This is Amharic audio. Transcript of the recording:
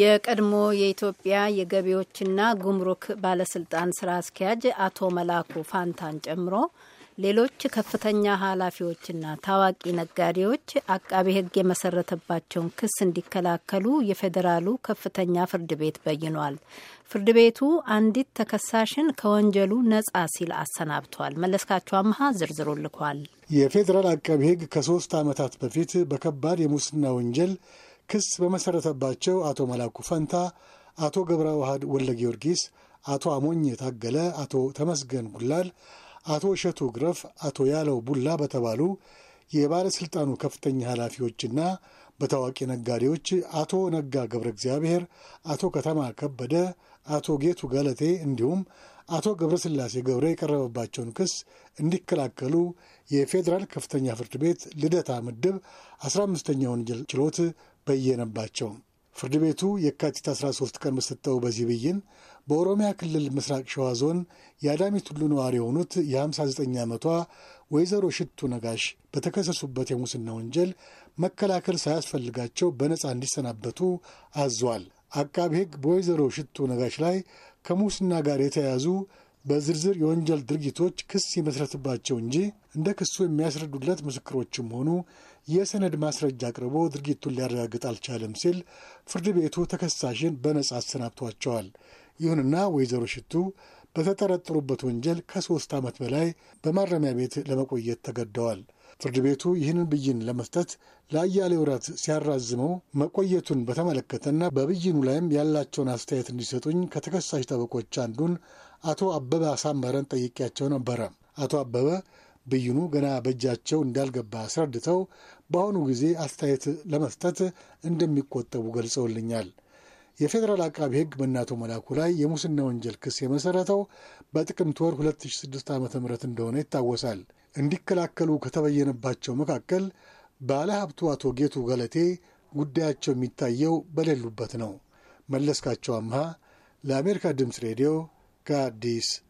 የቀድሞ የኢትዮጵያ የገቢዎችና ጉምሩክ ባለስልጣን ስራ አስኪያጅ አቶ መላኩ ፋንታን ጨምሮ ሌሎች ከፍተኛ ኃላፊዎችና ታዋቂ ነጋዴዎች አቃቤ ሕግ የመሰረተባቸውን ክስ እንዲከላከሉ የፌዴራሉ ከፍተኛ ፍርድ ቤት በይኗል። ፍርድ ቤቱ አንዲት ተከሳሽን ከወንጀሉ ነጻ ሲል አሰናብቷል። መለስካቸው አምሃ ዝርዝሩ ልኳል። የፌዴራል አቃቤ ሕግ ከሶስት ዓመታት በፊት በከባድ የሙስና ወንጀል ክስ በመሰረተባቸው አቶ መላኩ ፈንታ፣ አቶ ገብረ ዋህድ ወለ ጊዮርጊስ፣ አቶ አሞኝ ታገለ፣ አቶ ተመስገን ጉላል፣ አቶ እሸቱ ግረፍ፣ አቶ ያለው ቡላ በተባሉ የባለሥልጣኑ ከፍተኛ ኃላፊዎችና በታዋቂ ነጋዴዎች አቶ ነጋ ገብረ እግዚአብሔር፣ አቶ ከተማ ከበደ፣ አቶ ጌቱ ገለቴ እንዲሁም አቶ ገብረስላሴ ገብረ የቀረበባቸውን ክስ እንዲከላከሉ የፌዴራል ከፍተኛ ፍርድ ቤት ልደታ ምድብ 15ኛ ወንጀል ችሎት በየነባቸው። ፍርድ ቤቱ የካቲት 13 ቀን በሰጠው በዚህ ብይን በኦሮሚያ ክልል ምስራቅ ሸዋ ዞን የአዳሚ ቱሉ ነዋሪ የሆኑት የ59 ዓመቷ ወይዘሮ ሽቱ ነጋሽ በተከሰሱበት የሙስና ወንጀል መከላከል ሳያስፈልጋቸው በነፃ እንዲሰናበቱ አዟል። አቃቢ ሕግ በወይዘሮ ሽቱ ነጋሽ ላይ ከሙስና ጋር የተያያዙ በዝርዝር የወንጀል ድርጊቶች ክስ ይመስረትባቸው እንጂ እንደ ክሱ የሚያስረዱለት ምስክሮችም ሆኑ የሰነድ ማስረጃ አቅርቦ ድርጊቱን ሊያረጋግጥ አልቻለም ሲል ፍርድ ቤቱ ተከሳሽን በነጻ አሰናብቷቸዋል። ይሁንና ወይዘሮ ሽቱ በተጠረጠሩበት ወንጀል ከሶስት ዓመት በላይ በማረሚያ ቤት ለመቆየት ተገደዋል። ፍርድ ቤቱ ይህንን ብይን ለመስጠት ለአያሌ ወራት ሲያራዝመው መቆየቱን በተመለከተና በብይኑ ላይም ያላቸውን አስተያየት እንዲሰጡኝ ከተከሳሽ ጠበቆች አንዱን አቶ አበበ አሳመረን ጠይቄያቸው ነበረ። አቶ አበበ ብይኑ ገና በእጃቸው እንዳልገባ አስረድተው በአሁኑ ጊዜ አስተያየት ለመስጠት እንደሚቆጠቡ ገልጸውልኛል። የፌዴራል አቃቢ ሕግ በእናቶ መላኩ ላይ የሙስና ወንጀል ክስ የመሰረተው በጥቅምት ወር 2006 ዓ ም እንደሆነ ይታወሳል። እንዲከላከሉ ከተበየነባቸው መካከል ባለ ሀብቱ አቶ ጌቱ ገለቴ ጉዳያቸው የሚታየው በሌሉበት ነው። መለስካቸው አምሃ ለአሜሪካ ድምፅ ሬዲዮ ka dis